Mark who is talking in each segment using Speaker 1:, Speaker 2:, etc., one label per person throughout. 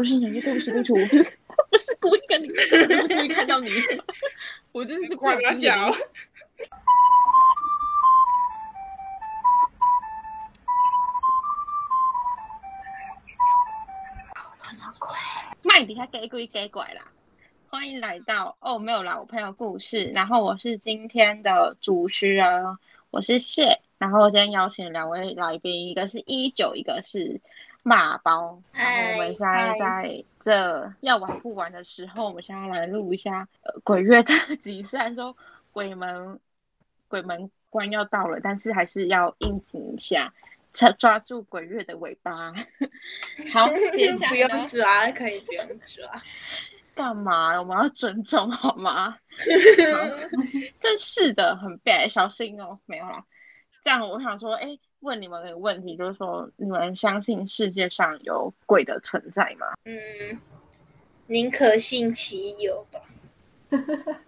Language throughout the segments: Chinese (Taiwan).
Speaker 1: 不是，對不起，對不起，我不是，故意跟你， 我不是故意看到你， 我真是光着腳。老慚愧，莫佇遐假鬼假怪啦！歡迎來到哦，沒有啦，我朋友故事，然後我是今天的主持人，我是謝，然後今天邀請兩位來賓，一個是19，一個是。肉包，Hi，我們現在在這、Hi。要玩不玩的時候，我們現在來錄一下《呃、鬼月特輯》。雖然說鬼門鬼門關要到了，但是還是要應景一下，才抓，抓住鬼月的尾巴。好， 不用抓，可以不用抓。幹嘛？我們要尊重好嗎？真 是的，很白，小心哦。沒有啦，這樣，我想說，哎。問你們的問題就是說，你們相信世界上有鬼的存在嗎？
Speaker 2: 嗯，寧可信其有吧。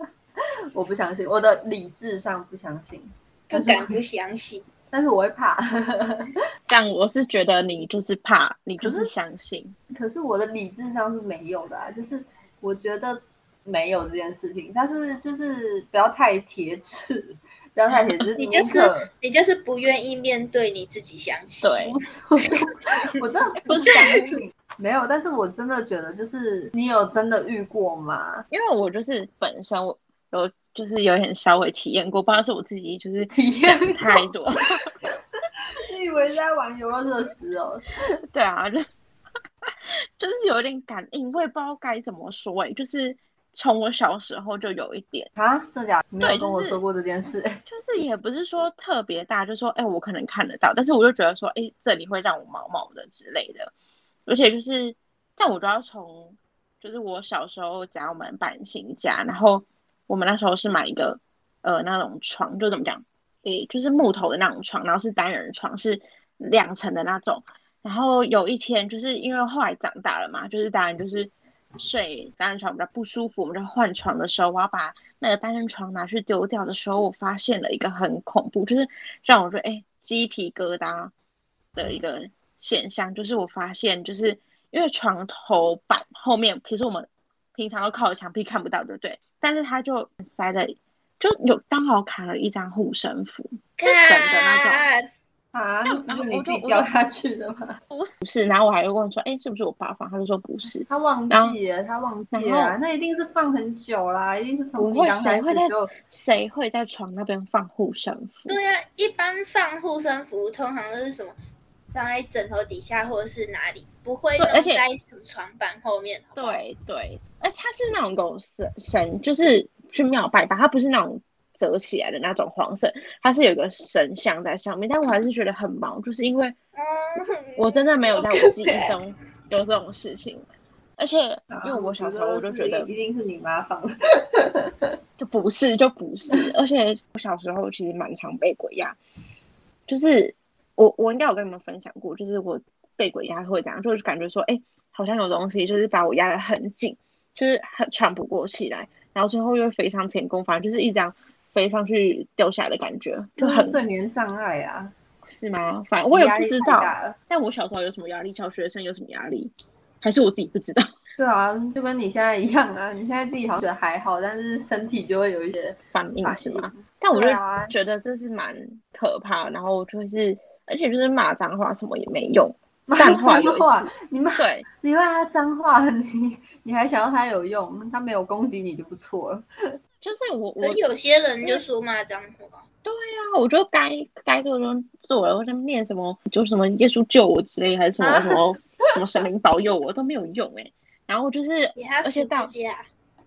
Speaker 2: 我不相信，我的理智上不相信，不敢不相信。但是我，但是我會怕。
Speaker 1: 但我是覺得你就是怕，你就是相信。可
Speaker 3: 是，可是我的理智上是沒有的啊，就是我覺得沒有這件事情，但是就是不要太鐵齒。不要太 你就是
Speaker 2: 你就是不願意面對你自己，想起對，我真的不相
Speaker 3: 信。 想你 沒有，但是我真的覺得，就是你有真的遇過嗎？因為我就是本身我有
Speaker 1: 就是有點稍微體驗過，不知道是我自己就是體驗太多。
Speaker 3: 你以為在玩遊樂設施哦？對啊，就是就是有
Speaker 1: 點感應，我也不知道該怎麼說，欸，哎，就是。從我小時候就有一點啊。真的假的？你沒有跟我說過這件事。就是也不是說特別大，就是說哎、欸，我可能看得到，但是我就覺得說，哎，這裡會讓我毛毛的之類的。而且就是，但我覺得從就是我小時候，講我們搬新家，然後我們那時候是買一個呃那種床，就怎麼講，誒，就是木頭的那種床，然後是單人床，是兩層的那種。然後有一天，就是因為後來長大了嘛，就是當然就是。睡單人床比較不舒服，我們在換床的時候，我要把那個單人床拿去丟掉的時候，我發現了一個很恐怖，就是讓我說誒哎、欸、雞皮疙瘩的一個現象，就是我發現，就是因為床頭板後面，其實我們平常都靠着牆壁看不到，對不對？但是它就塞在，就有剛好卡了一張護身符，
Speaker 3: 神的那種。Cut. 啊，那是你自己丟他去
Speaker 1: 的嗎？不是。然後我還問說，哎、欸，是不是我爸爸？他就說不是，他忘記
Speaker 3: 了，他忘記了。那一定是放很久啦，一定是從你剛才的時
Speaker 1: 候，誰會在床那邊放護身符？
Speaker 2: 對呀、啊，一般放護身符通常都是什麼，放在枕頭底下或者是哪裡，不會而且在什麼床板後面好好。對而對，
Speaker 1: 哎，而他是那種狗神神，就是去廟拜吧，他不是那種。摺起來的那種黃色，它是有一個神像在上面，但我還是覺得很毛，就是因為我真的沒有在我記憶中有這種事情、啊，而且因為我小時候我就覺得，一定是你媽放的，就不是就不是， 而且我小時候其實蠻常被鬼壓，就是我我應該有跟你們分享過，就是我被鬼壓會怎樣，就是感覺說哎、欸、好像有東西就是把我壓得很緊，就是很喘不過氣來，然後最後又非常成功，反正就是一張。飛上去掉下來的感覺，就很、就是、睡
Speaker 3: 眠障礙啊，是嗎？
Speaker 1: 反正我也不知道。
Speaker 3: 但我小時候有什麼壓力？小學生有什麼壓力？
Speaker 1: 還是我自己不知
Speaker 3: 道？對啊，就跟你現在一樣啊。你現在自己好像覺得還好，但是身體就會有一些反應，反應是嗎？啊、但我覺
Speaker 1: 得覺得這是蠻
Speaker 3: 可怕。然後就是，
Speaker 1: 而且就是罵髒話什麼也沒用。罵髒話，話？
Speaker 3: 你們對？你罵他髒話，你你還想要他有用？他沒有攻擊你就不錯了。
Speaker 2: 就是我，
Speaker 3: 我有些人就說嘛，這樣子。對啊，我就該該做，就做了，然後他們
Speaker 1: 念什麼，就什麼耶穌救我之類，還是什麼、啊、什麼、啊、什麼神靈保佑我都沒有用哎、欸。然後就是，
Speaker 2: 也而
Speaker 1: 且家，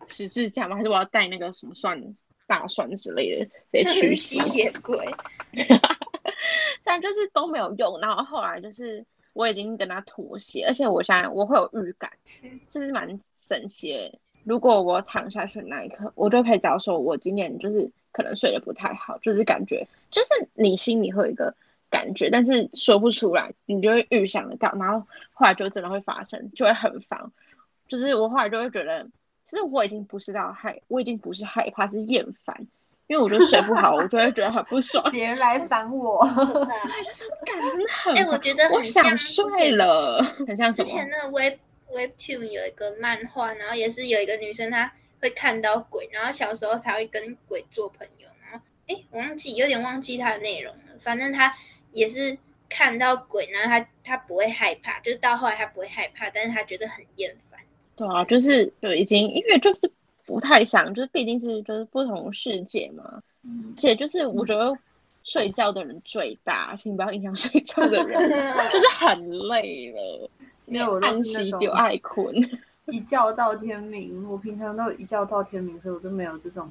Speaker 1: 十字架嗎？還是我要帶那個什麼蒜大蒜之類的？屬於吸血鬼。
Speaker 2: 但就是都
Speaker 1: 沒有用。然後後來就是我已經跟他妥協，而且我相在我會有預感、嗯，這是蠻神奇的。如果我躺下去那一刻，我就可以找說我今天就是可能睡得不太好，就是感覺就是你心裡會有一個感覺，但是說不出來，你就會預想得到，然後後來就真的會發生，就會很煩。就是我後來就會覺得，其實我已經不是到害，我已經不是害怕，是厭煩，因為我就睡不好， 我就會覺得很不爽。別來煩我，
Speaker 2: 這種感覺
Speaker 1: 真的很……哎，我覺得很像我想睡了，很像什麼？之前那個
Speaker 2: 微博。Webtoon 有一個漫畫，然後也是有一個女生，她會看到鬼，然後小時候她會跟鬼做朋友，然後哎，忘記有點忘記她的內容了。反正她也是看到鬼，然後她她不會害怕，就是到後來她不會害怕，但是她覺得很厭煩。
Speaker 1: 對啊，就是就已經，因為就是不太想，就是畢竟是就是不同世界嘛，嗯、而且就是我覺得睡覺的人最大，嗯、請不要影響睡
Speaker 3: 覺的人， 就是
Speaker 1: 很累了。因為我都是就
Speaker 3: 愛睏， 一覺到天明。我平常都一覺到天明，所以我都沒有這種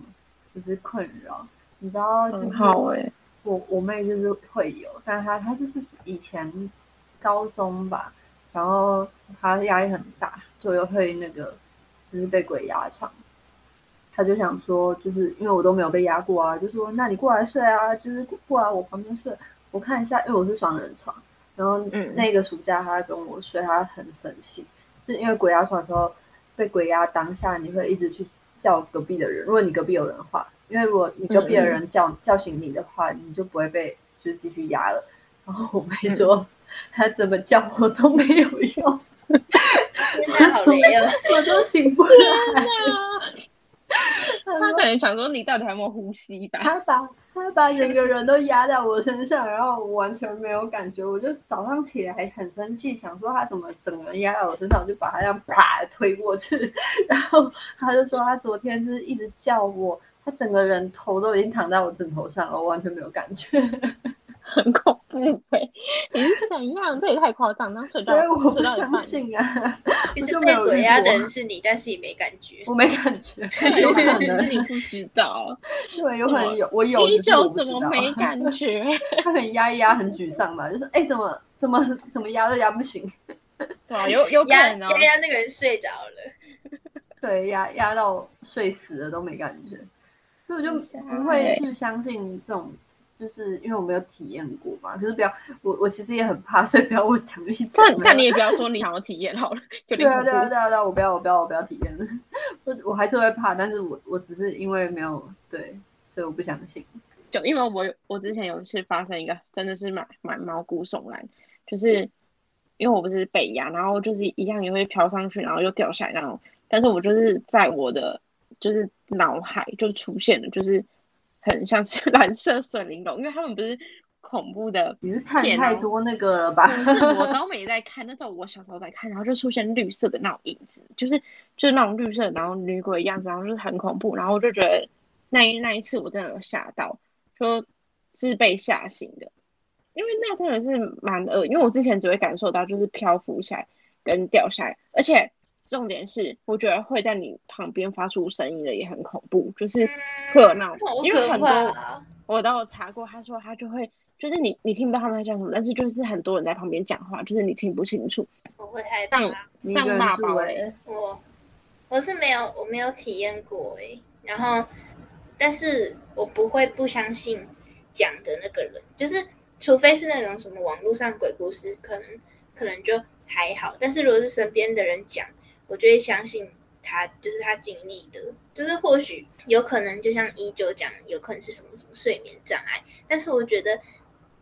Speaker 3: 就是困擾。你知道，就是、很好誒、欸、我我妹就是會有，但是她她就是以前高中吧，然後她壓力很大，就又會那個就是被鬼壓床。她就想說，就是因為我都沒有被壓過啊，就說那你過來睡啊，就是過來我旁邊睡，我看一下，因為我是雙人床。然後那個暑假，他跟我睡，嗯、他很生氣，是因為鬼壓床的時候，被鬼壓當下，你會一直去叫隔壁的人，如果你隔壁有人的話，因為如果你隔壁的人叫、嗯、叫醒你的話，你就不會被就是繼續壓了。然後我妹說、嗯，他怎麼叫我都沒有用， 好
Speaker 1: 我都醒
Speaker 3: 不來。
Speaker 1: 他可能想說你到底還
Speaker 3: 沒有呼吸吧？他把他把整個人都壓在我身上， 然後完全沒有感覺。我就早上起來還很生氣，想說他怎麼整個人壓在我身上，我就把他這樣啪推過去。然後他就說他昨天就是一直叫我，他整個人頭都已經躺在我枕頭上了，我完全沒有感覺。
Speaker 1: 很恐怖，欸、對，不你一樣，這也太誇張了，所以我不相信
Speaker 2: 啊！的 我啊其實被鬼壓的人是你，但是你沒感覺， 我沒感
Speaker 3: 覺，有可能
Speaker 2: 是你不知道，
Speaker 3: 對，有可能有我有，為什麼你一怎麼沒感覺？ 他可能壓一壓很沮喪嘛，就是哎、欸，怎麼怎麼怎麼壓都壓不行， 對，有有壓壓那
Speaker 2: 個人睡着了，
Speaker 3: 對，壓壓到睡死了都沒感覺，所以我就不會去相信這種。就是因為我沒有體驗過嘛，就是不要我，我其實也很怕，所以不要我講一。但但你也不要說你想體驗好了， 對啊對啊對啊對啊，對啊，我不要我不要我不要體驗了，我我還是會怕，但是我我只是因為沒
Speaker 1: 有對，所以我不相信。就因為我我之前有一次發生一個真的是蠻蠻毛骨悚然，就是因為我不是被壓然後就是一樣也會飄上去，然後又掉下來那種。但是我就是在我的就是腦海就出現了，就是。很像是藍色水玲瓏，因為他們不是恐怖的喔。你是看太多那個了吧？不 是，我都沒在看。那時候我小時候在看，然後就出現綠色的那種影子，就是就是那種綠色，然後女鬼的樣子，然後就是很恐怖。然後我就覺得那一那一次我真的有嚇到，說是被嚇醒的。因為那真的是蠻惡，因為我之前只會感受到就是漂浮起來跟掉下來，而且。重點是，我覺得會在你旁邊發出聲音的也很恐怖，就是會有那種，因為很多我都有查過，他說他就會，就是你你聽不到他們在講什麼，但是就是很多人在旁邊講話，就是你聽不清楚。我會害怕？
Speaker 2: 上上馬寶？我我是沒有我沒有體驗過哎、欸，然後但是我不會不相信講的那個人，就是除非是那種什麼網絡上鬼故事，可能可能就還好，但是如果是身邊的人講。我就會相信他，就是他經歷的，就是或許有可能，就像一九講，有可能是什麼什麼睡眠障礙。但是我覺得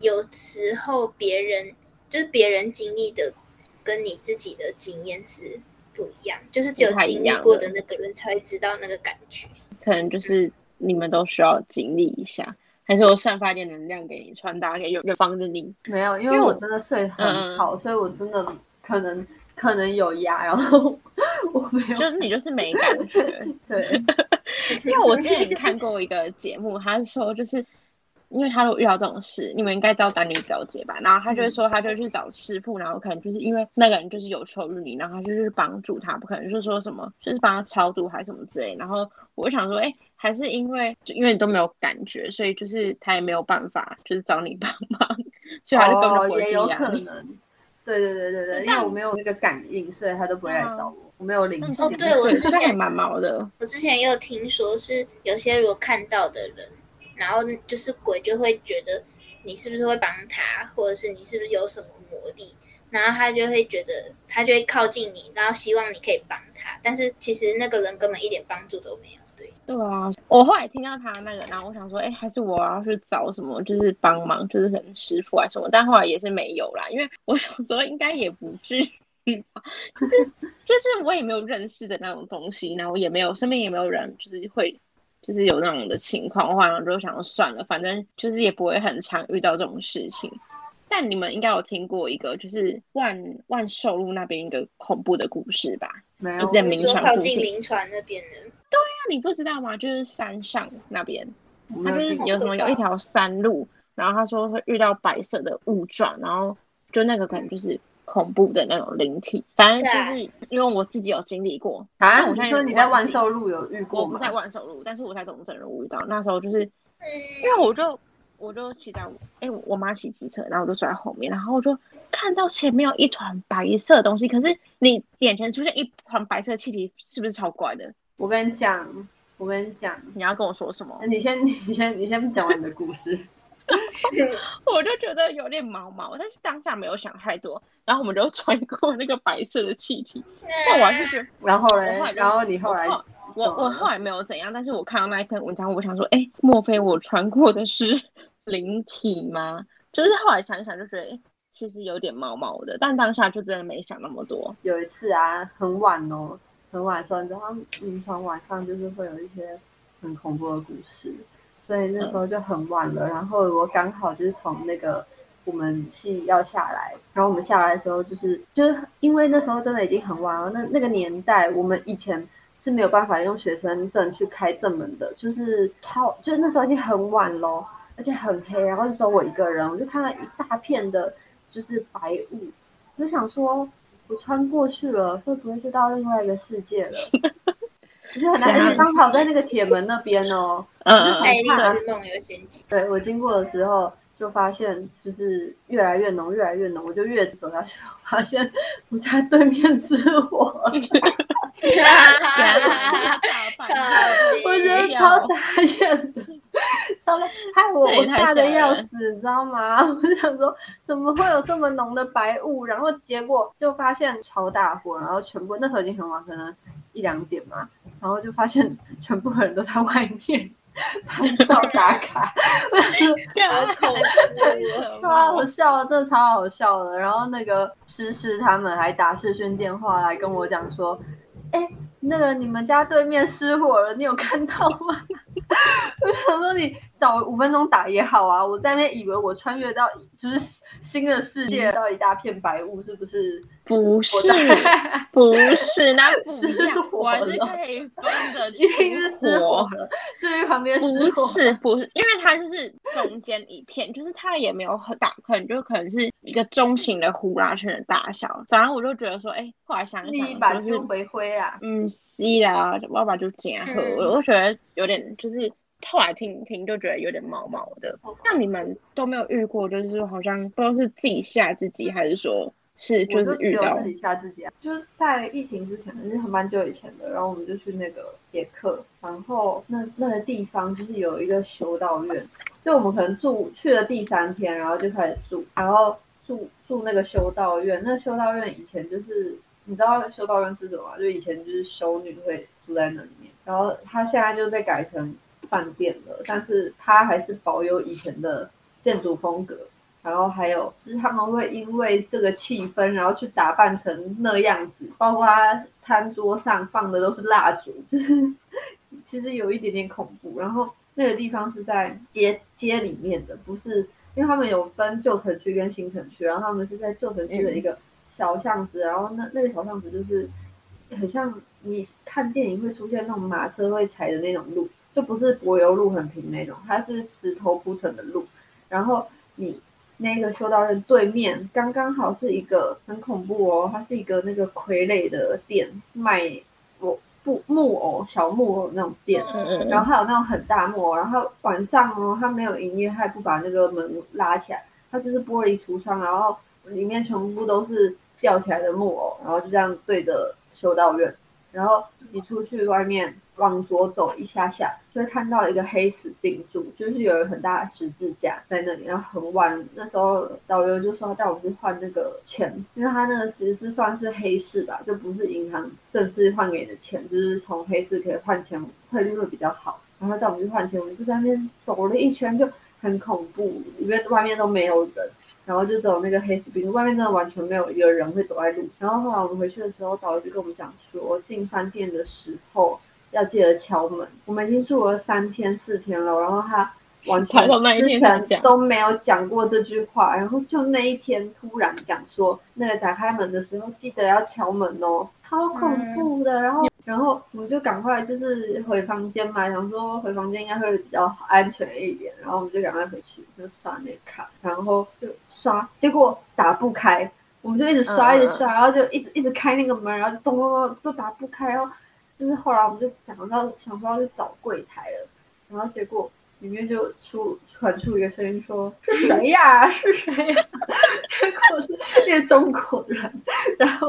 Speaker 2: 有時候別人就是別人經歷的跟你自己的經驗是不一樣，就是只有經歷過的那個人才會知道那個感覺。
Speaker 1: 可能就是你們都需要經歷一下，還是我散發點能
Speaker 3: 量給你，傳達給遠方的你？沒有，因為我真的睡很好、嗯，所以我真的可能可能有壓，然後。
Speaker 1: 就是你就是沒感覺， 對。 因為我之前看過一個節目， 他是說就是，因為他遇到這種事， 你們應該知道丹妮表姐吧？然後他就是說，他就去找師傅，然後可能就是因為那個人就是有求於你，然後他就是幫助他，不可能就說什麼就是幫他超度還是什麼之類。然後我想說，哎、欸，還是因為就因為你都沒有感覺，所以就是他也沒有辦法，就是找你幫忙，所以還是跟我過去一樣。對對對對對，因為我沒有
Speaker 3: 那個感應，所以他都不會來找我。沒有領哦、嗯，對我之前蠻毛的。
Speaker 2: 我之前也有聽說是有些如果看到的人，然後就是鬼就會覺得你是不是會幫他，或者是你是不是有什麼魔力，然後他就會覺得他就會靠近你，然後希望你可以幫他。但是其實那個人根本一點幫助都沒有，
Speaker 1: 對。對啊，我後來聽到他那個，然後我想說，哎，還是我要去找什麼，就是幫忙，就是很師傅啊什麼。但後來也是沒有啦，因為我想說應該也不是。 嗯、就是，就是我也沒有認識的那種東西，然後也沒有身邊也沒有人就是會就是有那種的情況，然後就想要算了，反正就是也不會很常遇到這種事情。但你們應該有聽過一個就是萬萬壽路那邊一個恐怖的故事吧？沒有。銘傳附近靠近銘傳那邊的。對啊，你不知道嗎？就是山上那邊，他、嗯、就是有什麼有一條山路，嗯、然後他說會遇到白色的霧狀，然後就那個可能就是。恐怖的那種靈體，反正就是因為我自己有經歷過。啊，我說你在萬壽路有遇過，我不在萬壽路，但是我在東城路遇到。那時候就是因為我就我就騎在，哎、欸，我媽騎機車，然後我就坐在後面，然後我就看到前面有一團白色的東西。可是你眼前出現一團白色氣體，是不是超怪的？我跟你講，我跟你講，你要跟我說什麼？你先，
Speaker 3: 你先，你先講完你的故事。
Speaker 1: 是 我就覺得有點毛毛，但是當下沒有想太多。然後我們就穿過那個白色的氣體，那我還是覺然後咧？然後你後來？我後來，哦哦，我，我後來沒有怎樣，但是我看到那一篇文章，我想說，哎，欸，莫非我穿過的是靈體嗎？就是後來想想，就是，就覺得
Speaker 3: 其實有點毛毛的，但當下就真的沒想那麼多。有一次啊，很晚哦，很晚說，說你知道，臨床晚上就是會有一些很恐怖的故事。對，那時候就很晚了，然後我剛好就是從那個我們系要下來，然後我們下來的時候、就是，就是就是因為那時候真的已經很晚了，那那個年代我們以前是沒有辦法用學生證去開正門的，就是超，就是那時候已經很晚了而且很黑，然後就剩我一個人，我就看了一大片的，就是白霧，我就想說，我穿過去了會不會就到另外一個世界了？ 就是很難，是剛好在那個鐵門那邊哦。嗯，對，我經過的時候就發現，就是越來越濃，越來越濃。我就越走下去，發現我在對面吃火。
Speaker 2: 我覺得超嚇
Speaker 3: 人的， 超害 我，我嚇得要死，你 知道嗎？我想說，怎麼會有這麼濃的白霧？ 然後結果就發現超大火，然後全部那時候已經很晚，可能。一兩點嘛，然後就發現全部人都在外面拍照打卡， 打我好恐怖，那個、超好笑，真的超好笑的。然後那個詩詩他們還打視訊電話來跟我講說，哎，那個你們家對面失火了，你有看到嗎？ 我想說你。打五分鐘打也好啊！我在那以為我穿越到就是新
Speaker 1: 的世界，到一大片白霧，嗯，是不是？不是，
Speaker 3: 不是，那不是，我還是可以分的，一定是旁邊，不是不是，
Speaker 1: 不是，因為它就是中間一片，就是它也沒有很大，可能就可能是一個中型的呼啦圈的大小。反正我就覺得說，哎、欸，後來想一想，第一把是回灰啊，嗯，是啊，爸爸就這樣，我我就覺得有點就是。後來聽聽就覺得有點毛毛的，像、okay. 你們都沒有遇過，就是說好像不知道是自己嚇自己還是說是就是遇到自己嚇
Speaker 3: 自己啊？就是在疫情之前，就是還蠻久以前的，然後我們就去那個捷克，然後那那個地方就是有一個修道院，就我們可能住去了第三天，然後就開始住，然後住住那個修道院，那修道院以前就是你知道修道院是什麼嗎？就以前就是修女會住在那裡面，然後她現在就被改成。飯店的，但是它還是保有以前的建築風格。然後還有就是他們會因為這個氣氛，然後去打扮成那樣子，包括他餐桌上放的都是蠟燭，就是其實有一點點恐怖。然後那個地方是在街街裡面的，不是，因為他們有分舊城區跟新城區，然後他們是在舊城區的一個小巷子，嗯、然後那那個小巷子就是很像你看電影會出現那種馬車會踩的那種路。就不是柏油路很平那種，它是石頭鋪成的路。然後你那個修道院對面，剛剛好是一個很恐怖哦，它是一個那個傀儡的店，賣偶、哦不、木偶、小木偶那種店。然後還有那種很大木偶，然後晚上哦，它沒有營業，它也不把那個門拉起來，它就是玻璃櫥窗，然後裡面全部都是吊起來的木偶，然後就這樣對着修道院。然後你出去外面，往左走一下下，就會看到一個黑死病柱，就是有一個很大的十字架在那裡。然後很晚，那時候導遊就說帶我們去換那個錢，因為他那個其實是算是黑市吧，就不是銀行正式換給你的錢，就是從黑市可以換錢，匯率會比較好。然後帶我們去換錢，我們就在那邊走了一圈，就很恐怖，因為外面都沒有人，然後就走那個黑死病柱，外面真的完全沒有一個人會走在路上。然後後來我們回去的時候，導遊就跟我們講說，進飯店的時候。要記得敲門。我們已經住了三天四天了，然後他完全都沒有講過這句話，然後就那一天突然講說，那個打開門的時候記得要敲門哦，好恐怖的、嗯。然後，然後我們就趕快就是回房間嘛，想說回房間應該會比較安全一點。然後我們就趕快回去就刷那卡，然後就刷，結果打不開。我們就一直刷一直刷、嗯，然後就一直一直開那個門，然後就咚咚咚都打不開，然後。就是後來我們就想到，想說要去找櫃檯了，然後結果裡面就出傳出一個聲音說是誰呀是誰呀？ 結果是那個中國人，然後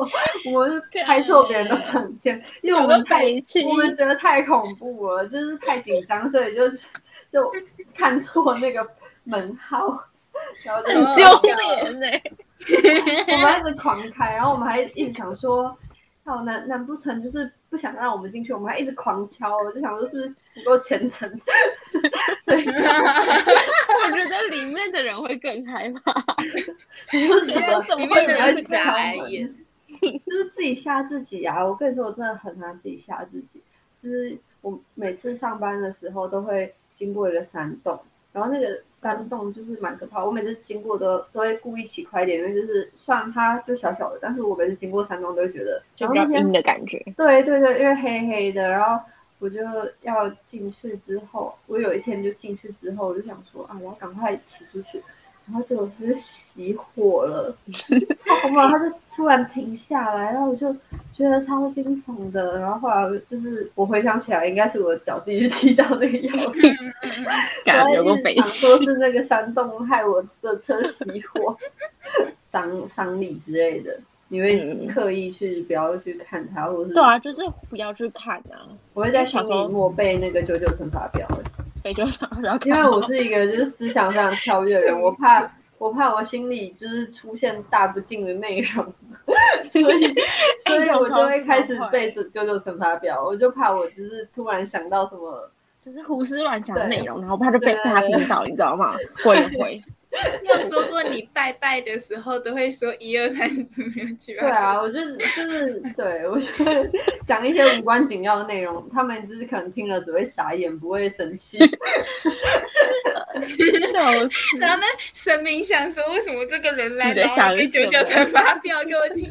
Speaker 3: 我們就開錯別人的房間，因為我們太我們覺得太恐怖了，就是太緊張，所以就就看錯那個門號，
Speaker 1: 然後就很丟臉嘞、
Speaker 3: 欸。 我們一直狂開，然後我們還一直想說。好難，難不成就是不想讓我們進去？我們還一直狂敲，我就想說是不是不夠虔誠？所 以對嗎 我覺得裡面的人會更害怕。 裡面的人怎麼會嚇我？ 就是自己嚇自己啊！我跟你說，我真的很難自己嚇自己。就是我每次上班的時候，都會經過一個山洞。然後那個山洞就是蠻可怕，我每次經過都都會故意騎快一點，因為就是雖然它就小小的，但是我每次經過山洞都會覺得就比較陰的感覺，對。對對對，因為黑黑的，然後我就要進去之後，我有一天就進去之後，我就想說啊，我要趕快騎出去。然後結果就是熄火了，好嗎？他就突然停下來，然後我就覺得超驚悚的。然後後來就是我回想起來，應該是我腳自己去踢到那個鑰感覺留個美心， 嗯、說是那個山洞害我的車熄火， 傷傷力之類的。因為你會刻意去、嗯、不要去看他，或者是對啊，就是不要去看啊。我會在小心我背那個九九乘法表。非常多，因為我是一個就是思想非常跳躍的人， 我怕我怕我心裡就是出現大不敬的內容， 所以、 欸、所以我就會開始背九九乘法表，我就怕我就是突然想到什麼就是胡思亂想的內容，然後
Speaker 1: 怕就被大家聽到，你知道嗎？會不會。
Speaker 2: 你有 說過你拜拜的時候都會說一二三四五六七八？對啊，我就是、就是對
Speaker 3: 我講一些無關緊要的內容， 他們就是可能聽了只會傻眼，不會生氣。
Speaker 2: 然後呢，神明想說為什麼這個人來講一九九乘法表給我聽？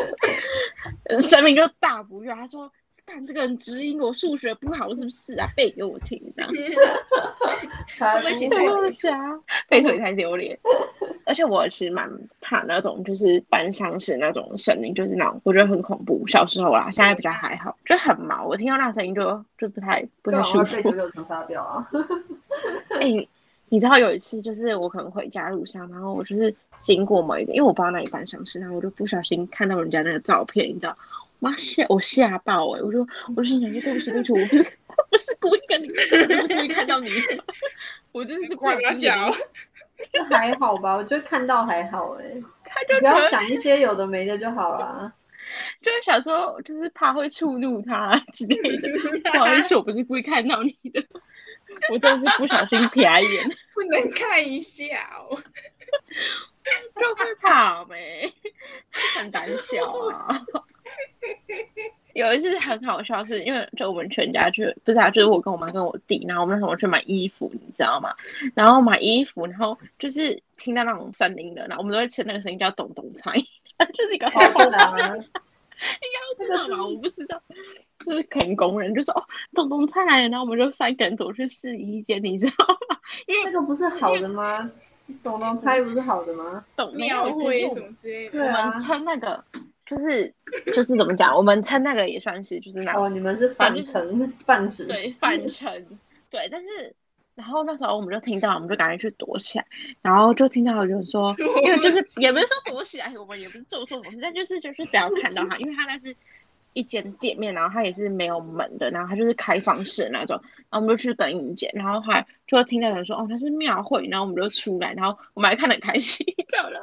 Speaker 1: 神明就大不悅，他說。看這個人指引我數學不好是不是啊？背給我聽啊！哈
Speaker 3: 哈哈哈哈。 會會
Speaker 2: 背
Speaker 1: 出來才丟臉。而且我其實蠻怕那種就是辦喪事那種聲音，就是那種我覺得很恐怖。小時候啦，現在比較還好，就很毛。我聽到那聲音就就不太不太舒服。
Speaker 3: 發掉
Speaker 1: 啊！哎、 欸，你知道有一次就是我可能回家路上，然後我就是經過某一個，因為我不知道哪裡辦喪事，然後我就不小心看到人家那個照片，你知道。媽嚇我嚇爆哎、欸！我說，我說，心裡想說，對不起，對不起，我不是不是故
Speaker 2: 意跟你，我故意看
Speaker 3: 到你，我真的是怪他嚇了。就 還好吧，我覺得看到還好哎、欸。不要想一些有的沒的就好了。
Speaker 1: 就是想說，就是怕會觸怒他之類的。不好意思，我不是故意看到你的，
Speaker 3: 我就是不小心瞥一眼。
Speaker 1: 不能看一下哦。 就是會怕 沒，很膽小啊。 有一次很好笑是，是因為就我們全家去，不是啊，就是我跟我媽跟我弟，然後我們那時去買衣服，你知道嗎？然後買衣服，然後就是聽到那種聲音的，然後我們都會稱那個聲音叫董董“咚咚菜”，就是一個好好什麼？哦啊、 應這、那個什麼？我不知道，就是肯工人就說“咚、哦、咚菜來了”，然後我們就三個人走去試衣間，你知道嗎？因為那個不是好的嗎？
Speaker 3: 咚咚菜不是
Speaker 1: 好的嗎？廟會、啊、我們稱那個就是。 就是怎麼講，我們稱那個也算是就是那哦，你們是泛稱泛稱，對，泛稱，對，但是然後那時候我們就聽到，我們就趕緊去躲起來，然後就聽到有人說，因為就是 也不是說躲起來，我們也不是做錯東西，但就是就是不要看到他，因為他那是。 一間店面，然後它也是沒有門的，然後它就是開放式那種，然後我們就去等影姐，然後還就會聽到有人說哦，它是廟會，然後我們就出來，然後我們還看得很開心，怎麼了？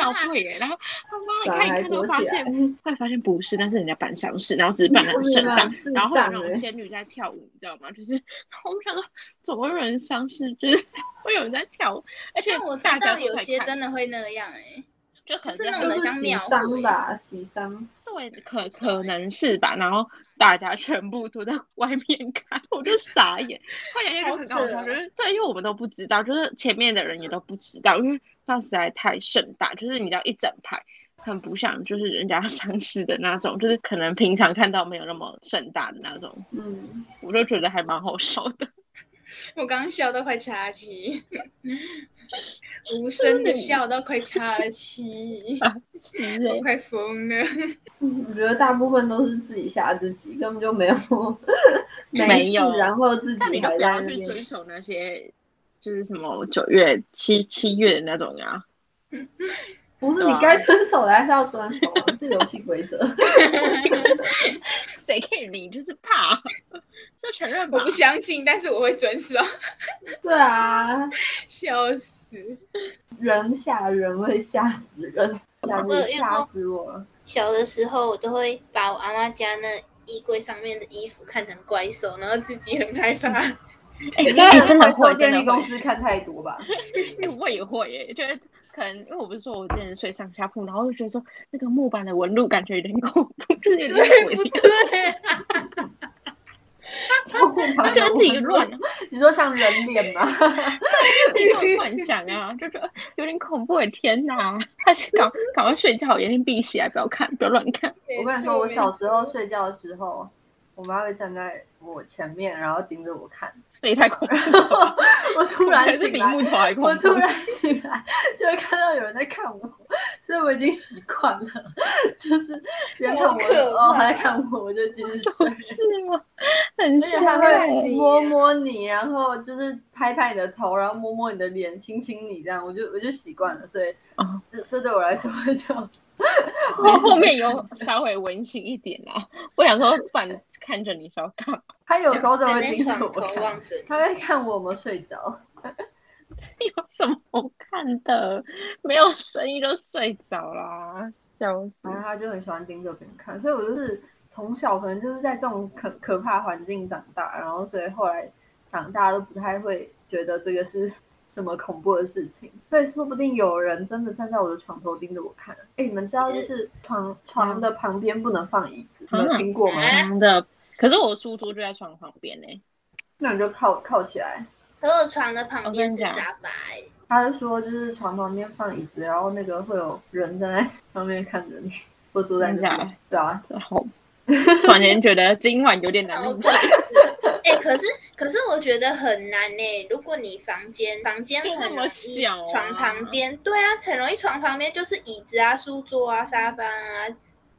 Speaker 1: 廟會，然後他媽一看一看就發現，後來發現不是，但是人家辦喪事，然後只是辦了個聖誕， 然後有那種仙女在跳舞，你知道嗎？就是 後我們想說，怎麼會有人喪事就是會有人在跳舞？而且大家但我知道有些真
Speaker 2: 的會那個樣誒、欸，就是那種很
Speaker 1: 像廟會吧，會可可能是吧，然後大家全部都在外面看，我就傻眼，看、也、就是、對，因為我們都不知道，就是前面的人也都不知道，因為他實在太盛大，就是你知道一整排，很不像就是人家上市的那種，就是可能平常看到沒有那麼盛大的那種。嗯，我就覺得還蠻好笑的。
Speaker 2: 我剛笑到快岔氣，無聲的笑到快岔氣、 啊，我快瘋了。我覺得大部分都
Speaker 3: 是自己嚇自己，根本就沒有，沒有沒。然後自己但你都不要去遵守那些，
Speaker 1: 就是什麼九月七七月的那種啊？
Speaker 3: 不是，你該遵守的還是要遵守，啊， 是遊戲規則。
Speaker 2: 誰 可以理？理就是怕。承認，我不相信，但是我會遵守。對啊，笑，笑死！人嚇人
Speaker 3: 會嚇死人，嚇死我。
Speaker 2: 小的時候，我都會把我阿媽家那衣櫃上面的衣服看成怪獸，然後自己很害怕。哎、 欸，你、 欸欸、真的會，真的會 電力公司
Speaker 3: 看太多吧？
Speaker 2: 欸、我也會耶，覺得可能因為我
Speaker 1: 不是說，我之前睡上下鋪，然後我就覺得說那個木板的紋路感覺有點恐怖， 對 不對？ 我覺得自己亂，你說像人臉嗎？這 種亂想啊，就是有點恐怖的。天哪！還是趕搞快睡覺，眼睛閉起來，不要看，不要亂看。
Speaker 3: 我跟你說，我小時候睡覺的時候，我媽會站在我前面，然後盯着我看，這也太恐怖了
Speaker 2: 我。我突然是我突
Speaker 3: 然醒來，
Speaker 2: 就會看到有人在
Speaker 3: 看我。所以我已經習慣了，就是原來我，哦，他在看我，
Speaker 1: 我就繼續
Speaker 3: 睡。不是嗎？很羨慕你。他會摸摸你，然後就是拍拍你的頭，然後摸摸你的臉，親親你，這樣我就我就習慣了。所以，這、哦、這對我來說，我就後後面有稍微溫馨一點啦、
Speaker 1: 啊。 我想說，反看着你，小卡。
Speaker 3: 他有時候就怎麼清楚？他在
Speaker 1: 看我有沒有睡着。 有什麼好看的？沒有
Speaker 3: 聲音就睡着啦。笑死、啊、他就很喜歡盯着別人看，所以我就是從小可能就是在這種可可怕環境長大，然後所以後來長大，大都不太會覺得這個是什麼恐怖的事情。所以說不定有人真的站在我的床頭盯着我看。哎、欸，你們知道就是床、嗯、床的旁邊不能放椅子，有、嗯、聽過嗎？真、嗯、的。可是我書桌就在床旁邊呢。那你就靠靠起
Speaker 2: 來。我床的旁邊是
Speaker 3: 沙發、欸。他就說，就是床旁邊放椅子，然後那個會有人在那上面看着你，我坐在那。對啊，然後突然間覺得今晚有點難。哎、
Speaker 2: 哦欸，可是可是我覺得很難嘞、欸。如果你房間房間那麼小、啊，床旁邊對啊，很容易床旁邊就是椅子啊、書桌啊、沙發啊，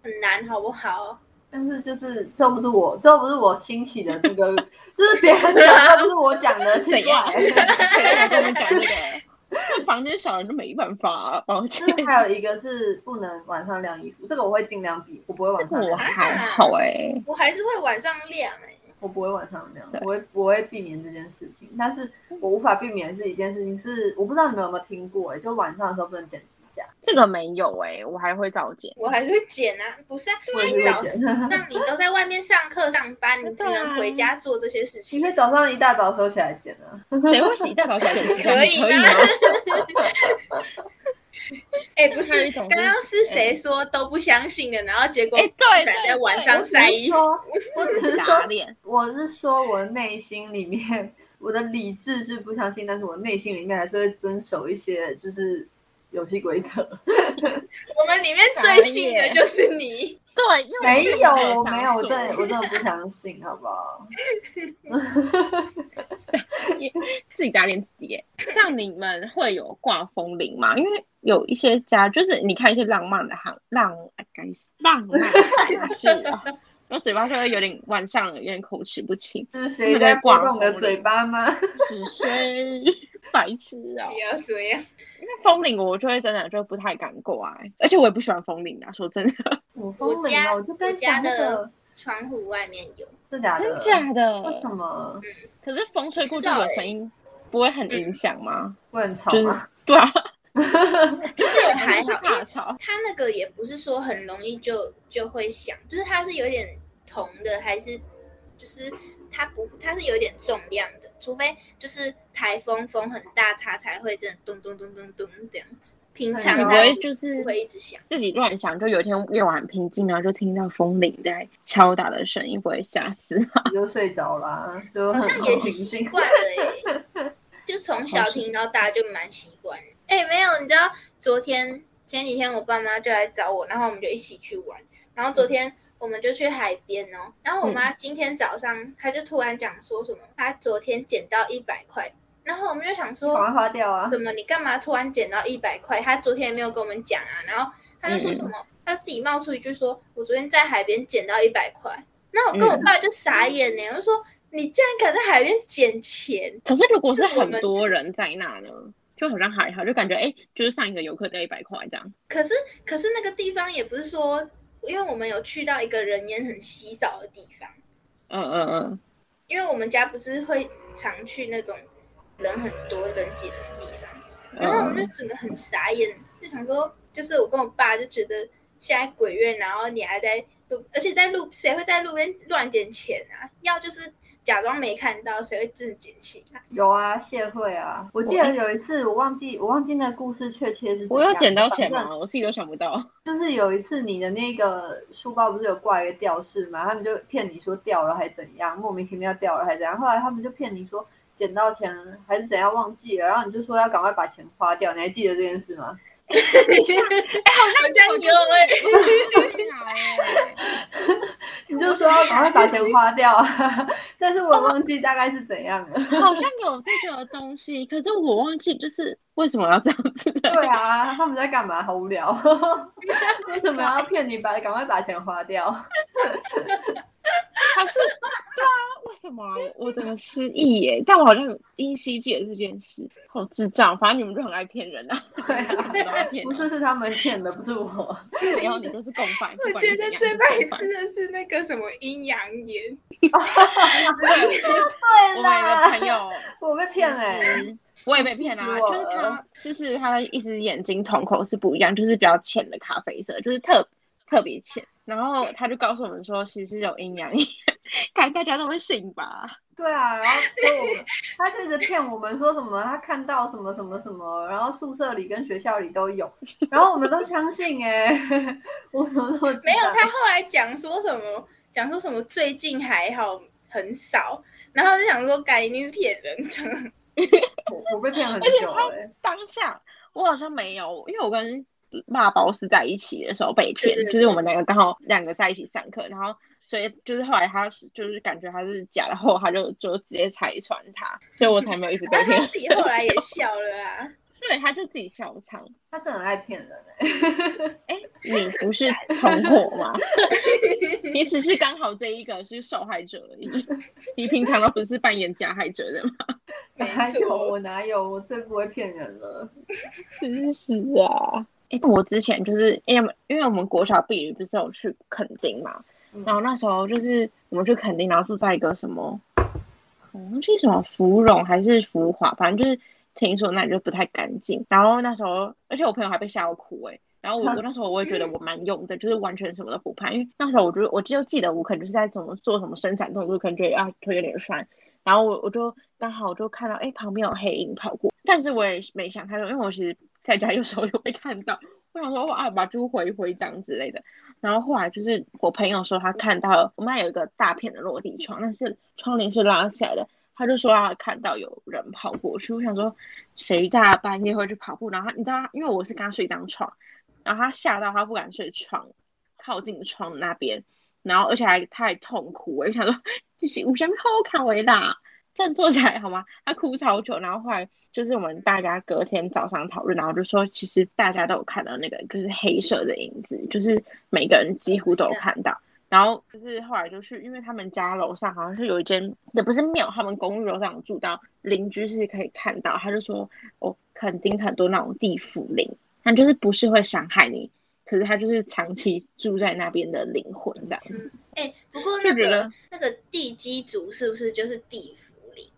Speaker 2: 很難，好不好？但
Speaker 3: 是就是這不是我，這不是我興起的這個， 就是別人講的
Speaker 2: 不是我講
Speaker 1: 的，
Speaker 3: 這別人跟我講個， 這房間小人都沒辦法、啊。而且、就是、還有一個是不能晚上晾衣服，這個我會盡量避，我不會晚上晾。這個、我還好哎、 欸，我
Speaker 2: 還是會晚上晾
Speaker 3: 哎、欸，我不會晚上晾，我會我會避免這件事情。但是我無法避免的是一件事情，是我不知道你們有沒有聽過哎、欸，就晚上的時候不能剪。這個沒有哎、欸，我還會照剪，我還是
Speaker 2: 會剪啊，不是啊，我你早上你都在外面上課上班， 你只能回家做這些事情。因為早上一大早收起來剪啊，誰會洗一大早起來剪？ 不可以的。哎、 欸，不是 剛剛是誰說都不相信的， 然後結果哎、欸、對，晚上曬衣服。我只是打
Speaker 3: 臉，我是說我的內心裡面，我的理智是不相信，但是我內心裡面還是會遵守一些就是遊
Speaker 1: 戲規則， 我們裡面最信的就是你。對，沒有，沒有，我真的，我真
Speaker 3: 的不相信， 好不好？
Speaker 1: 自己打臉自己耶。這樣你們會有掛風鈴嗎？因為有一些家，就是你看一些浪漫的行，浪漫，該死，浪漫。 是啊、 我嘴巴稍微有點晚上有點口齒不清，是誰在掛我的嘴巴嗎？是誰？ 白痴啊！不要這樣，因為風鈴我就會真的就不太敢過來，啊欸，而且我也不喜歡風鈴啊。說真的，我風鈴啊，我就在家的
Speaker 2: 窗戶外面有，真的假
Speaker 1: 的？
Speaker 2: 真的？為什麼？嗯、可是風吹過去的聲
Speaker 1: 音，不會很影響嗎？會很吵是、嗯就是嗯、對
Speaker 2: 啊， 就是還好， 它那個也不是說很容易就就會響，就是它是有點銅的，還是就是它不它是有點重量的。除非就是颱風風很大，它才會這樣咚，咚咚咚咚咚這樣子。平常它
Speaker 1: 就
Speaker 3: 是會一直響、嗯
Speaker 1: 就是，自己亂想，就有一天夜晚平靜，然後就聽到風鈴在敲打的聲音，不會嚇死嗎？
Speaker 3: 你就睡着了，啊就，好像也習
Speaker 2: 慣了欸。 就從小聽到大就蠻習慣。哎，欸，沒有，你知道昨天前幾天我爸媽就來找我，然後我們就一起去玩，然後昨天。嗯我們就去海邊哦，然後我媽今天早上、嗯，她就突然講說什麼，她昨天撿到一百塊，然後我們就想說，花花掉啊？什麼你幹嘛突然撿到一百塊？她昨天也沒有跟我們講啊，然後她就說什麼，嗯、她自己冒出一句說，我昨天在海邊撿到一百塊，那我跟我爸,爸就傻眼、欸嗯、我就說你竟然敢在海邊撿錢？
Speaker 1: 可是如果是很多人在那呢，就好像還好，就感覺哎，就是上一個
Speaker 2: 遊客掉一百塊這樣。可是可是那個地方也不是說。因為我們有去到一個人煙很稀少的地方，嗯嗯嗯，因為我們家不是會常去那種人很多人擠的地方，uh. 然後我們就整個很傻眼，就想說，就是我跟我爸就覺得現在鬼月，然後你還在路，而且在路誰會在路邊亂撿錢啊？要就是。
Speaker 3: 假裝沒看到，誰會自己撿起來？有啊，謝慧啊，我記得有一次我我，我忘記我忘記那個故事確切是。我有撿到錢嗎？我自己都想不到。就是有一次，你的那個書包不是有掛一個吊飾嗎？他們就騙你說掉了還是怎樣，莫名其妙掉了還怎樣。後來他們就騙你說撿到錢還是怎樣忘記了，然後你就說要趕快把錢花掉。你還記得這件事嗎？
Speaker 1: 哎、 欸，好像加油哎，好無
Speaker 3: 聊哎！你就說要趕快把錢花掉、啊， 但是我忘記大概是怎樣了、哦。好像有這個東西，可是我忘記就是為什麼要這樣子。對啊，他們在幹嘛？好無聊！ 為什麼要騙你把？把趕快把錢花掉！ 他是，是
Speaker 1: 對啊？為什麼我怎麼失憶耶？但我好像依稀記得這件事，好智障！反正你們就很愛騙人啊，對啊，
Speaker 3: 不是是他們騙的，不是我， 然後你都是
Speaker 1: 共犯。我覺得最
Speaker 2: 敗的是那個什麼陰陽眼，對啊，我有個朋友、就是，我被騙了、欸，我也被騙啦、
Speaker 1: 啊，就是他，是是他一隻眼睛瞳孔是不一樣，就是比較淺的咖啡色，就是特。特別淺，然後他就告訴我們說，其實有陰陽眼，看大家都會信吧。對啊，然
Speaker 3: 後就我們， 他一直騙我們說什麼，他看到什麼什麼什麼，然後宿舍裡跟學校裡都有，然後
Speaker 2: 我們都相信哎、欸， 我們沒有。他後來講說什麼，講說什麼最近還好很少，然後就想說，謝一定是騙人的。
Speaker 3: 我我被騙很久了、
Speaker 2: 欸。當下我好像沒有，因為我跟。
Speaker 1: 肉包是在一起的時候被騙，對對對對，就是我們兩個剛好兩個在一起上課，然後所以就是後來他是就是感覺他是假的，然後他就就直接拆穿他，所以我才沒有一直被騙。他自己後來也笑了啊， 對，他就自己笑場，他真的很愛騙人哎。哎，你不是同夥嗎？ 你只是剛好這一個是受害者而已，你平常都不是扮演加害者的嗎？哪有，
Speaker 3: 沒，我哪有，我最不會騙人了，
Speaker 1: 其實啊。哎、欸，我之前就是因為因為我們國小畢業不是有去墾丁嘛，然後那時候就是我們去墾丁，然後住在一個什麼，好像是什麼芙蓉還是浮華，反正就是聽說那裡就不太乾淨。然後那時候，而且我朋友還被嚇哭哎。然後我那時候我也覺得我蠻勇的，就是完全什麼都不怕。因為那時候我就我就記得我可能就是在怎麼做什麼伸展動作，可能覺得啊腿有點酸。然後我就然後我就剛好我就看到哎、欸、旁邊有黑影跑過，但是我也沒想太多，因為我其實。在家有時候也會看到，我想說，哇、啊，把豬回回張之類的。然後後來就是我朋友說他看到了，我們還有一個大片的落地窗，但是窗簾是拉起來的。他就說他看到有人跑過去，我想說誰大半夜會去跑步？然後你知道，因為我是跟他睡一張床，然後他嚇到他不敢睡床，靠近窗那邊，然後而且還太痛苦。我就想說，這是我想好好恐怖的。正坐起來好嗎？他哭超久，然後後來就是我們大家隔天早上討論，然後就說其實大家都有看到那個就是黑色的影子，就是每個人幾乎都有看到。嗯、然後就是後來就是因為他們家樓上好像是有一間，也不是廟，他們公寓樓上住到鄰居是可以看到。他就說，哦，肯定很多那種地府靈，他就是不是會傷害你，可是他就是長期住在那邊的靈魂這樣子。哎、嗯欸，不過
Speaker 2: 那個那個地基主是不是就是地府？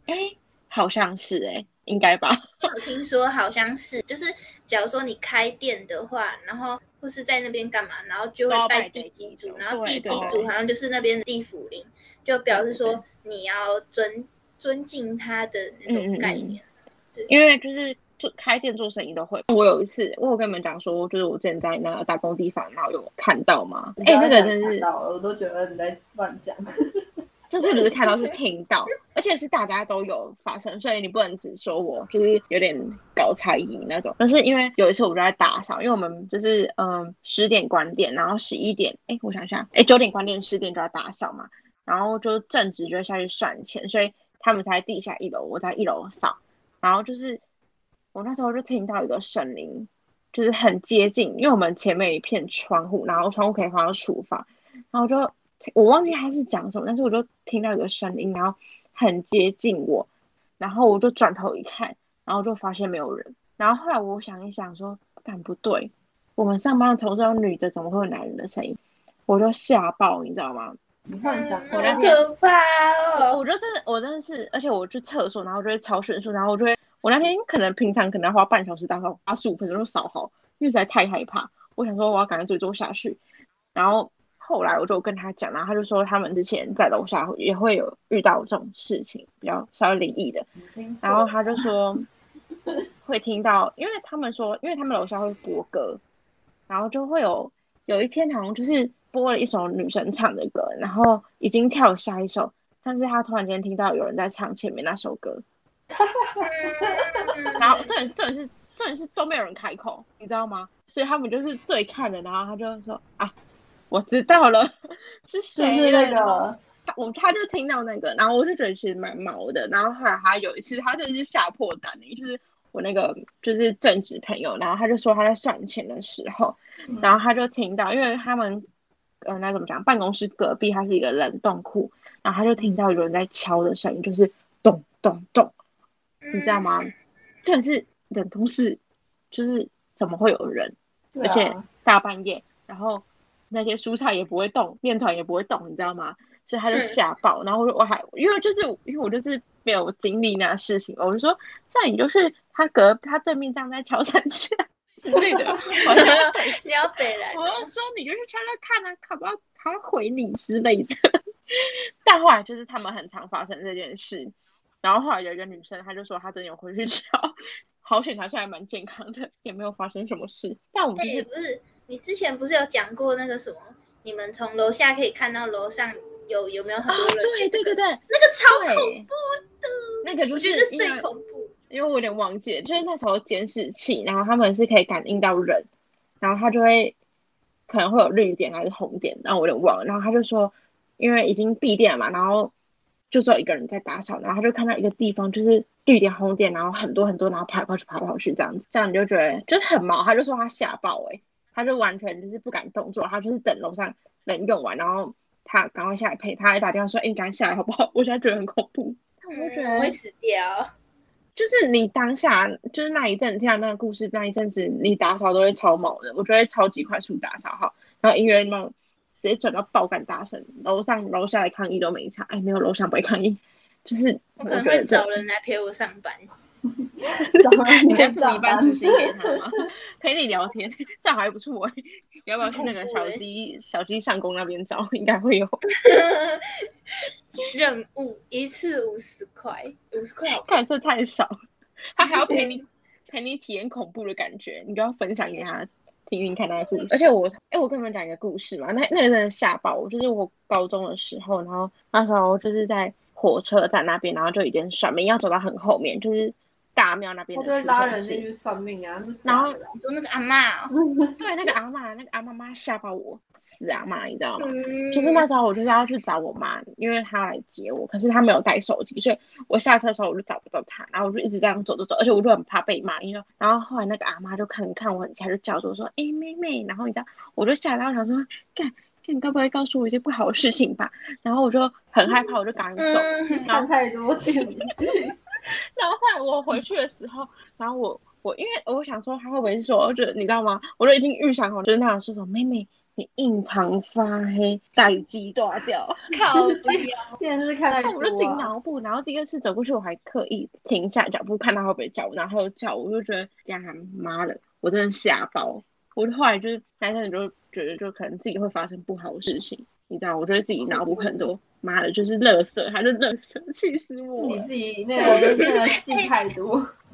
Speaker 1: 哎、欸，好像是哎、欸，應該吧。
Speaker 2: 我聽說好像是，就是假如說你開店的話，然後或是在那邊幹嘛，然後就會拜地基主，然後地基主好像就是那邊的地府林，就表示說你要尊對對對，尊敬他的那種概念。
Speaker 1: 嗯嗯嗯，因為就是做開店做生意都會。我有一次，我有跟你們講說，就是我之前在那打工地方，然後有看到嗎？哎，那、欸這個真的，我都覺得你在亂講。 這是不是看到，是聽到，而且是大家都有發生，所以你不能只說我就是有點搞猜疑那種。但是因為有一次我們在打掃，因為我們就是嗯十，呃，十點關店，然後十一點哎，我想想哎九點關店，十點就要打掃嘛，然後就正直就下去算錢，所以他們在地下一樓，我在一樓掃，然後就是我那時候就聽到一個聲音，就是很接近，因為我們前面有一片窗戶，然後窗戶可以看到廚房，然後就。我忘記他是講什麼，但是我就聽到一個聲音，然後很接近我，然後我就轉頭一看，然後就發現沒有人。然後後來我想一想說，說但不對，我們上班的同事有女的，怎麼會有男人的聲音？我就嚇爆，你知道嗎？你幻想，我那天
Speaker 3: 可怕、哦、
Speaker 1: 我覺得真的，我真的是，而且我去廁所，然後我就會超迅速，然後我就會，我那天可能平常可能要花半小時，大概二十五分鐘就掃好，因為實在太害怕。我想說，我要趕緊繼續做下去，然後。後來我就跟他講，然後他就說他們之前在樓下也會有遇到這種事情，比較稍微靈異的。然後他就說會聽到，因為他們說，因為他們樓下會播歌，然後就會有有一天好像就是播了一首女生唱的歌，然後已經跳下一首，但是他突然間聽到有人在唱前面那首歌， 然後這裡這裡是這裡是都沒有人開口，你知道嗎？所以他們就是對看的，然後他就說啊。我知道了，是誰那個？他我他就聽到那個，然後我就覺得其實蠻毛的。然後後來他有一次，他就是嚇破膽的，就是我那個就是正直朋友，然後他就說他在算錢的時候，嗯、然後他就聽到，因為他們呃，那怎麼講？辦公室隔壁他是一個冷凍庫，然後他就聽到有人在敲的聲音，就是咚咚咚，
Speaker 2: 咚，你知道嗎？這、
Speaker 1: 嗯就是冷凍室，就是怎麼會有人，啊、而且大半夜，然後。那些蔬菜也不會動，麵團也不會動，你知道嗎？所以他就嚇爆，然後我還因為就是因為我就是沒有經歷那事情，我就說，像你就是他隔他對面站在橋上這樣，之類的。我 說好像，
Speaker 2: 你要北來，
Speaker 1: 我要說你就是悄悄看啊，看不到他回你之類的。但後來就是他們很常發生這件事，然後後來有一個女生，她就說她真的有回去查，好險檢查下還蠻健康的，也沒有發生什麼事。但我們、就、也、是、不是。
Speaker 2: 你之前不是有講過那個什麼？你們從樓下可以看到樓上有有沒有很多人的、啊？對對對對，那個超恐怖的。那個就是
Speaker 1: 最恐怖，因為我有點忘記，就是那時候監視器，然後他們是可以感應到人，然後他就會可能會有綠點還是紅點，然後我有點忘了。然後他就說，因為已經閉店了嘛，然後就只有一個人在打掃，然後他就看到一個地方就是綠點紅點，然後很多很多，然後爬來爬去爬來爬去這樣子，這樣你就覺得就是很毛。他就說他嚇爆哎。他就完全就是不敢動作，他就是等樓上人用完，然後他趕快下來陪他。他還打電話說：“哎、欸，你趕快下來好不好？”我現在覺得很恐怖，他會不會死掉？就是你當下，就是那一陣聽到那個故事，那一陣子你打掃都會超猛的，我覺得超級快速打掃好，然後音樂一種直接轉到爆幹大聲，樓上樓下的抗議都沒差，哎、欸，沒有樓上不會抗議，就是我可能會找人
Speaker 2: 來陪我上班。
Speaker 1: 你在付一半事情
Speaker 2: 給他嗎？陪你聊天，
Speaker 1: 這還不錯、欸。你要不要去那個小雞、欸、小雞上工那邊找？應該會有
Speaker 2: 任務，一次五十塊，五十塊。看這太
Speaker 1: 少，他還
Speaker 2: 要陪你 陪你體驗恐怖的感覺，
Speaker 1: 你就要分享給他聽，聽，聽看他的故事。而且我，哎，我跟你們講一個故事嘛，那那個真的嚇爆我，就是我高中的時候，然後那時候就是在火車站那邊，然後就已經甩門要走到很後面，就是。大廟那邊，他就拉人進去算命啊。然後你說那個阿媽， 對，那個阿媽，那個阿媽媽嚇到我死阿媽，你知道嗎、嗯？就是那時候我就是要去找我媽，因為她來接我，可是她沒有帶手機，所以我下車的時候我就找不到她，然後我就一直這樣走着走，而且我就很怕被罵，你然後後來那個阿媽就看看我很，他就叫着我說：“哎、欸，妹妹。”然後你知道，我就嚇到，我想說，幹，看你該不會告訴我一些不好的事情吧？然後我就很害怕，我就趕緊走。嗯、然後太多。 然後我回去的時候，然後我我因為我想說他會不會說我，我覺得你知道嗎？我都已經預想好，就是他要說什麼。妹妹，你印堂發黑，待機斷掉，靠、哦！真的是靠！我就緊腦補， 然後第二次走過去，我還刻意停下腳步， 看他會不會叫我。然後叫我，我就覺得這樣呀媽了，我真的嚇到。我後來就是男生，你就覺得就可能自己會發生不好的事情。你知道，我就會自己腦補很多，媽、嗯嗯嗯、的，就是垃圾，還是垃圾，氣死我！你自己那個，我真的記太多。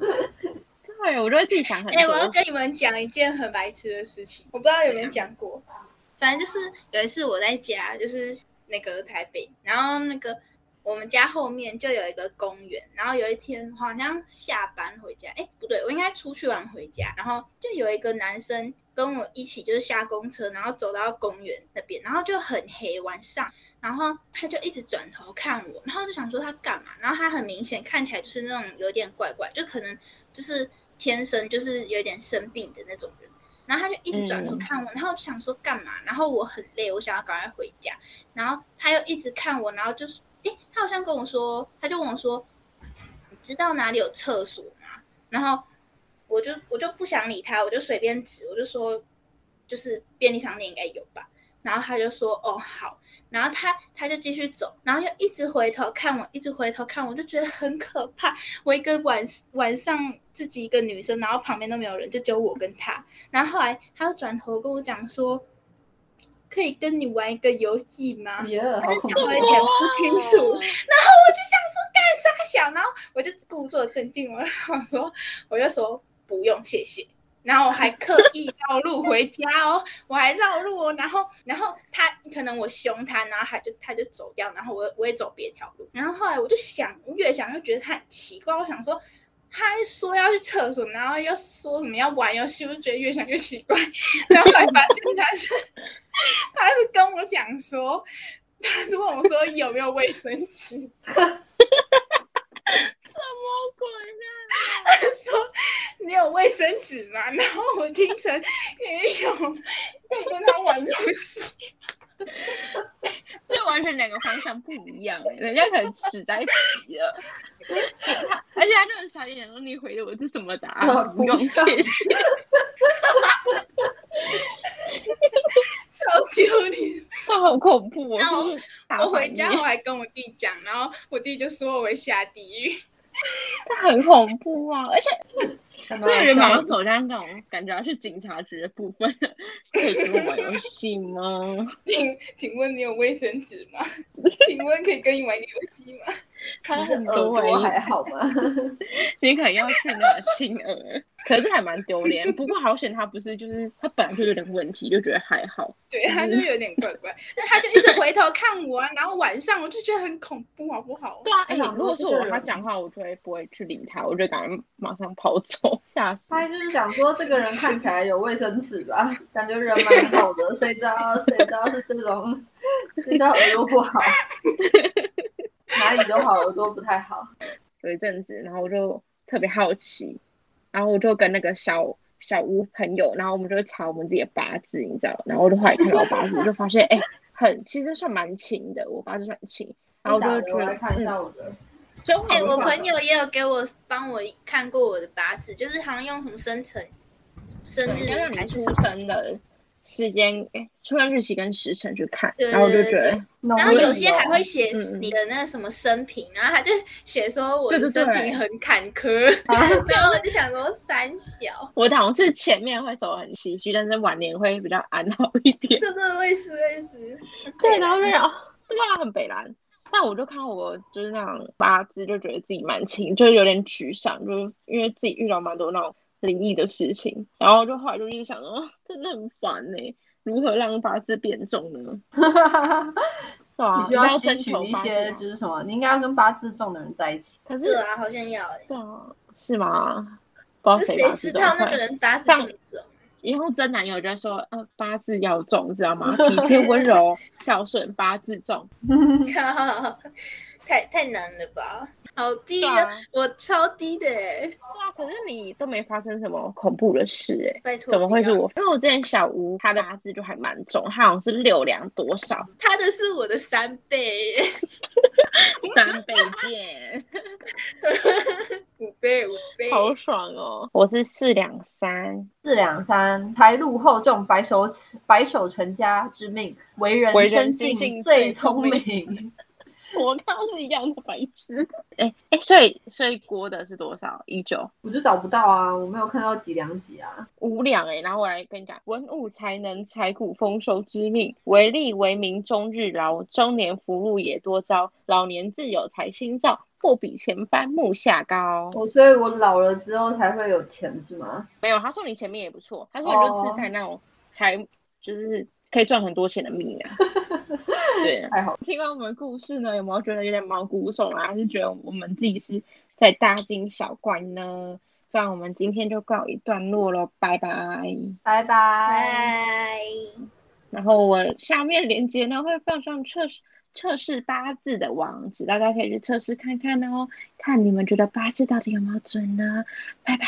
Speaker 1: 欸、 對，我覺得自己想很多。哎、欸，我要跟
Speaker 2: 你們講一件很白痴的事情，我不知道有沒有講過。啊、反正就是有一次我在家，就是那個台北，然後那個我們家後面就有一個公園，然後有一天好像下班回家，哎、欸，不對，我應該出去玩回家，然後就有一個男生。跟我一起就是下公車，然後走到公園那邊，然後就很黑，晚上，然後他就一直轉頭看我，然後就想說他幹嘛？然後他很明顯看起來就是那種有點怪怪，就可能就是天生就是有點生病的那種人。然後他就一直轉頭看我，嗯、然後就想說幹嘛？然後我很累，我想要趕快回家。然後他又一直看我，然後就是，誒，他好像跟我說，他就問我說，你知道哪裡有廁所嗎？然後。我就我就不想理他，我就隨便指，我就說，就是便利商店應該有吧。然後他就說，哦，好。然後他他就繼續走，然後又一直回頭看我，一直回頭看我，就覺得很可怕。我一個晚晚上自己一個女生，然後旁邊都沒有人，就只有我跟他。然後後來他又轉頭跟我講說，可以跟你玩一個遊戲嗎？他說我就講一點不清楚，哦。然後我就想說幹啥小，然後我就故作鎮定，我說我就說。我就說不用謝謝，然後我還刻意繞路回家哦， 我還繞路哦，然後然後他可能我凶他，然後他就他就走掉，然後我我也走別條路，然後後來我就想，我越想越覺得他很奇怪，我想說他一說要去廁所，然後又說什麼要玩遊戲，我就覺得越想越奇怪，然後後來發現他是 他是跟我講說，他是問我說有沒有衛生紙，什 麼鬼呢、啊？他說：“你有衛生紙嗎？”然後我聽成“ 也有在跟他玩遊戲、欸”，就完全兩
Speaker 1: 個方向不一樣、欸。誒， 人家可能死在一起了、 欸，而且他這種傻眼，讓 你回的我是什麼答案、啊？不用謝謝，
Speaker 2: 超丟臉，好恐怖！ 他好恐怖哦、我， 我回家我還跟我弟講， 然後我弟就說我會下地獄。他 很
Speaker 1: 恐怖啊，而且
Speaker 2: 這個人馬上走在那
Speaker 1: 種感覺，是警察局的部分，可以跟我玩遊戲嗎？ 請
Speaker 2: 請問你有衛生紙嗎？請問可以跟你玩個遊戲嗎？他很多，我還好嗎？
Speaker 1: 你可能要去那個親鵝， 可是還蠻丟臉。不過好險，他不是，就是他本來就有點問題，就覺得還好。就
Speaker 2: 是、對，他就有點怪怪，那 他就一直回頭看我啊。然後晚上我就覺得很恐怖，好不好？對啊，哎、欸，如果說我跟他講
Speaker 1: 話，我就會不會去理他，我就趕快馬上跑走，
Speaker 3: 嚇死。他就是想說，這個人看起來有衛生紙吧是是？感覺人蠻好的，誰知道？誰知道是這種？誰 知道耳朵不好？
Speaker 1: 哪裡都好，我都不太好。 有一陣子，然後我就特別好奇，然後我就跟那個小小吳朋友，然後我們就查我們自己的八字，你知道然後的就也看到我八字，就發現哎、欸，很其實算蠻輕的，我八字算輕。輕。然後我就覺
Speaker 2: 得，哎、嗯嗯欸，我朋友也有給我幫我看過我的八字，就是好像用什麼生辰、生日，你出生還是生的。
Speaker 1: 時間誒，出生日期跟時辰去看對對對，然後我就覺得，然後有些還會
Speaker 2: 寫你的那什麼生平，嗯、然後他就寫說，我的生平很坎坷，對對對啊、 然後我就想說，三小，
Speaker 1: 我好像是前面會走很崎嶇，但是晚年會比較安好一
Speaker 2: 點，真的會似會似，對，然後沒有。對啊，很
Speaker 1: 北藍。那我就看我就是那種八字，就覺得自己蠻輕，就是有點沮喪，就是因為自己遇到蠻多那種。靈異的事情，然後就後來就一直想，哦，真的很煩呢、欸。如何讓八字變重呢？ 啊、你不要，要徵求一些，就是什麼，你應該要跟八字重的人在一起。可是啊，
Speaker 2: 好像要
Speaker 1: 哎、欸啊，是嗎？不知誰，誰知道那個人八字上以後徵男友就會說，呃，八字要重，知道嗎？體貼溫柔孝 順，八字重。
Speaker 2: 太太難了吧？好低啊！我超低的哎、欸。哇，可是你都沒發生什麼
Speaker 1: 恐怖的事哎、欸，拜託，怎麼會是我？啊、因為我之前小吳他的八字就還蠻重，他好像是六兩多少，
Speaker 2: 他的是我的三倍。 三倍變變。 五倍五
Speaker 1: 倍。好爽哦！我
Speaker 3: 是四兩三，四兩三財路厚重，白手白手成家之命，為人為人性最聰明。
Speaker 1: 我看到是一樣的白痴、 欸，哎、欸、哎，所以鍋的是多少？
Speaker 3: 一九，我就找不到啊，我沒有看到幾兩
Speaker 1: 幾啊，五兩哎。然後我來跟你講，文武才能財穀豐收之命，為利為名，終日勞，中年福祿也多招，老年自有財星照，不比前番目下高。我所以，
Speaker 3: 我老了之後才會有錢是嗎？
Speaker 1: 沒有，他說你前面也不錯，他說你就自帶那種財，oh. 才就是
Speaker 3: 可以賺很多錢的命啊。
Speaker 1: 對，還好聽完我們的故事呢，有沒有覺得有點毛骨悚然，啊，還是覺得我們自己是在大驚小怪呢？這樣我們今天就告一段落了，拜拜，拜拜，bye. 然後我下面鏈接呢會放上測試測試八字的網址，大家可以去測試看看哦，看你們覺得八字到底有沒有
Speaker 2: 準呢？拜拜。